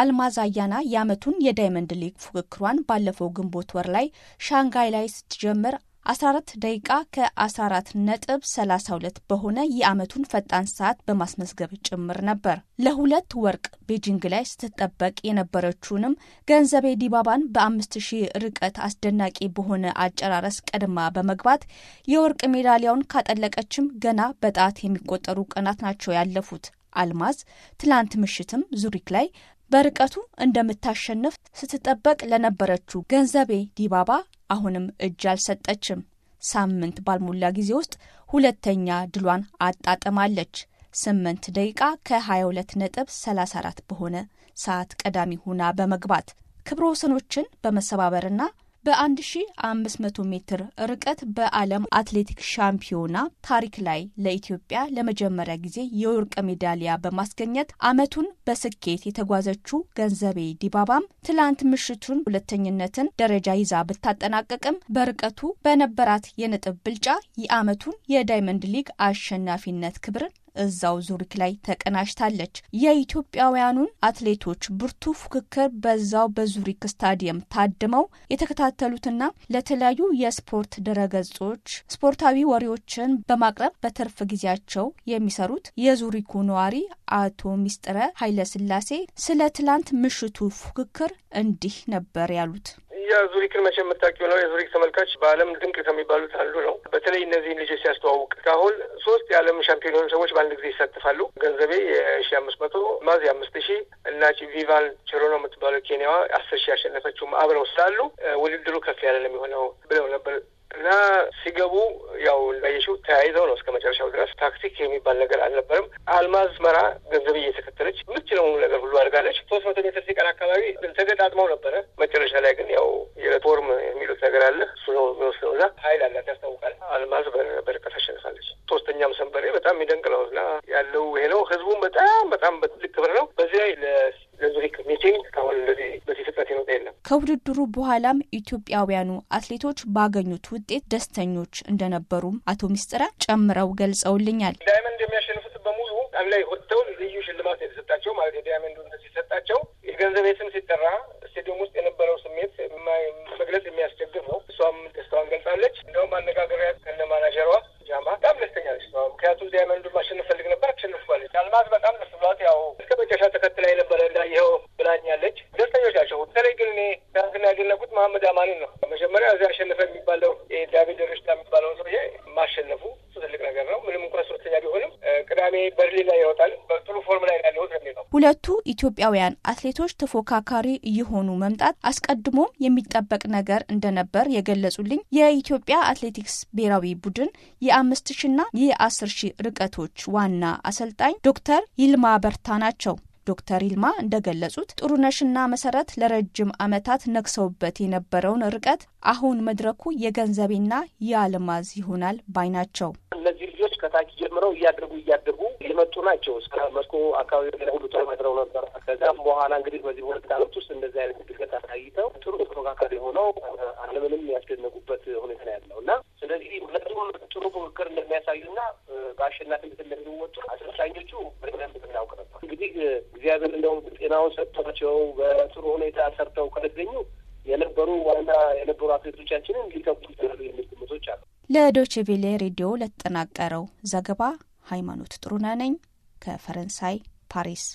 አልማዝ አያና የአመቱን የዳይመንድ ሊግ ፉክክሯን ባለፈው ግንቦት ወር ላይ ሻንጋይ ላይ ስትጀምር 14 ደቂቃ ከ14 ነጥብ 32 በሆነ የዓመቱን ፈጣን ሰዓት በማስመዝገብ ጭምር ነበር። ለሁለት ወርቅ ቤጂንግ ላይ ስትጠበቅ የነበረችውንም ገንዘቤ ዲባባን በ5000 ርቀት አስደናቂ በሆነ አጨራረስ ቀድማ በመግባት የወርቅ ሜዳሊያውን ካጠለቀችም ገና በጣት የሚቆጠሩ ቀናት ናቸው ያለፉት። አልማዝ ትላንት ምሽትም ዙሪክ ላይ በርቀቱ እንደምታሸንፍ ስትጠበቅ ለነበረችው ገንዘቤ ዲባባ አሁንም እጅ አልሰጠችም። ሳምንት ባልሞላ ጊዜ ውስጥ ሁለተኛ ድሏን አጣጥማለች። 8 ደቂቃ ከ22 ነጥብ 34 በሆነ ሰዓት ቀዳሚ ሆና በመግባት ክብረ ወሰኖችን በመሰባበርና በ1500 ሜትር ርቀት በዓለም አትሌቲክ ሻምፒዮና ታሪክ ላይ ለኢትዮጵያ ለመጀመሪያ ጊዜ የወርቅ ሜዳሊያ በማስገኘት ዓመቱን በስኬት የተጓዘችው ገንዘቤ ዲባባም ትላንት ምሽቱን ሁለተኝነትን ደረጃ ይዛ ብታጠናቀቅም በርቀቱ በነበራት የነጥብ ብልጫ የዓመቱን የዳይመንድ ሊግ አሸናፊነት ክብርን እዛው ዙሪክ ላይ ተቀናጅታለች። የኢትዮጵያውያኑን አትሌቶች ብርቱ ፉክክር በዛው በዙሪክ ስታዲየም ታድመው የተከታተሉትና ለተለያዩ የስፖርት ድረገጾች ስፖርታዊ ወሬዎችን በማቅረብ በትርፍ ጊዜያቸው የሚሰሩት የዙሪኩ ነዋሪ አቶ ሚስጥረ ኃይለስላሴ ስለ ትላንት ምሽቱ ፉክክር እንዲህ ነበር ያሉት። የዙሪክን መቼ የምታውቂው ነው። የዙሪክ ተመልካች በዓለም ድንቅ ከሚባሉት አንዱ ነው። በተለይ እነዚህን ልጆች ሲያስተዋውቅ ካሁን ሶስት የዓለም ሻምፒዮን የሆኑ ሰዎች በአንድ ጊዜ ይሳተፋሉ። ገንዘቤ የሺ አምስት መቶ ማዝ የአምስት ሺ እና ቪቫን ቸሮኖ የምትባለው ኬንያዋ አስር ሺ ያሸነፈችውም አብረው ስላሉ ውድድሩ ከፍ ያለ ነው የሚሆነው ብለው ነበር እና ሲገቡ ያው እንዳየሽው ተያይዘው ነው እስከ መጨረሻው ድረስ። ታክቲክ የሚባል ነገር አልነበረም። አልማዝ መራ ገንዘብ እየተከተለች የምትችለውን ነገር ሁሉ አድርጋለች። ሶስት መቶ ሜትር ሲቀር አካባቢ ተገጣጥመው ነበረ። መጨረሻ ላይ አልማዝ በርቀት አሸንፋለች። ሶስተኛም ሰንበሬ በጣም የሚደንቅ ነው እና ያለው ይሄ ነው። ህዝቡን በጣም በጣም በትልቅ ክብር ነው። በዚህ ላይ ለዙሪክ ሚቲንግ ካሁን እንደዚህ በዚህ ፍጥነት ይመጣ የለም። ከውድድሩ በኋላም ኢትዮጵያውያኑ አትሌቶች ባገኙት ውጤት ደስተኞች እንደነበሩም አቶ ሚስጥራ ጨምረው ገልጸውልኛል። ዳይመንድ የሚያሸንፉት በሙሉ ጣም ላይ ወጥተው ልዩ ሽልማት የተሰጣቸው ማለት የዳይመንዱ ሰጣቸው ይኸው ብላኛለች። ደስተኞች ናቸው። በተለይ ግን እኔ ትናንትና ያደነቁት መሀመድ አማኑን ነው። መጀመሪያ እዚህ አሸነፈ የሚባለው ዳቪድ ርሽታ የሚባለው ሰውዬ ማሸነፉ ትልቅ ነገር ነው። ምንም እንኳ ሶስተኛ ቢሆንም ቅዳሜ በርሊን ላይ ያወጣል። በጥሩ ፎርም ላይ ያለሁት ነው። ሁለቱ ኢትዮጵያውያን አትሌቶች ተፎካካሪ እየሆኑ መምጣት አስቀድሞም የሚጠበቅ ነገር እንደነበር የገለጹልኝ የኢትዮጵያ አትሌቲክስ ብሔራዊ ቡድን የአምስት ሺና የአስር ሺህ ርቀቶች ዋና አሰልጣኝ ዶክተር ይልማ በርታ ናቸው። ዶክተር ይልማ እንደገለጹት ጥሩነሽና መሰረት ለረጅም ዓመታት ነግሰውበት የነበረውን ርቀት አሁን መድረኩ የገንዘቤና የአልማዝ ይሆናል ባይ ናቸው። እነዚህ ልጆች ከታች ጀምረው እያደርጉ እያደርጉ የመጡ ናቸው። እስከ መስኮ አካባቢ ሁሉ ተመድረው ነበር። ከዛም በኋላ እንግዲህ በዚህ ሁለት ዓመት ውስጥ እንደዚህ አይነት ድገት አሳይተው ጥሩ ተፎካካሪ ሆነው አለምንም ያስደነቁበት ሁኔታ ያለው እና ስለዚህ ሁለቱም ጥሩ ፉክክር እንደሚያሳዩና በአሸናፊነት እንደሚወጡ ስልጠናውን ሰጥቷቸው በጥሩ ሁኔታ ሰርተው ከተገኙ የነበሩ ዋና የነበሩ አትሌቶቻችንን ሊተኩ ይችላሉ የሚል ግምቶች አሉ። ለዶችቬሌ ሬዲዮ ለተጠናቀረው ዘገባ ሃይማኖት ጥሩነህ ነኝ ከፈረንሳይ ፓሪስ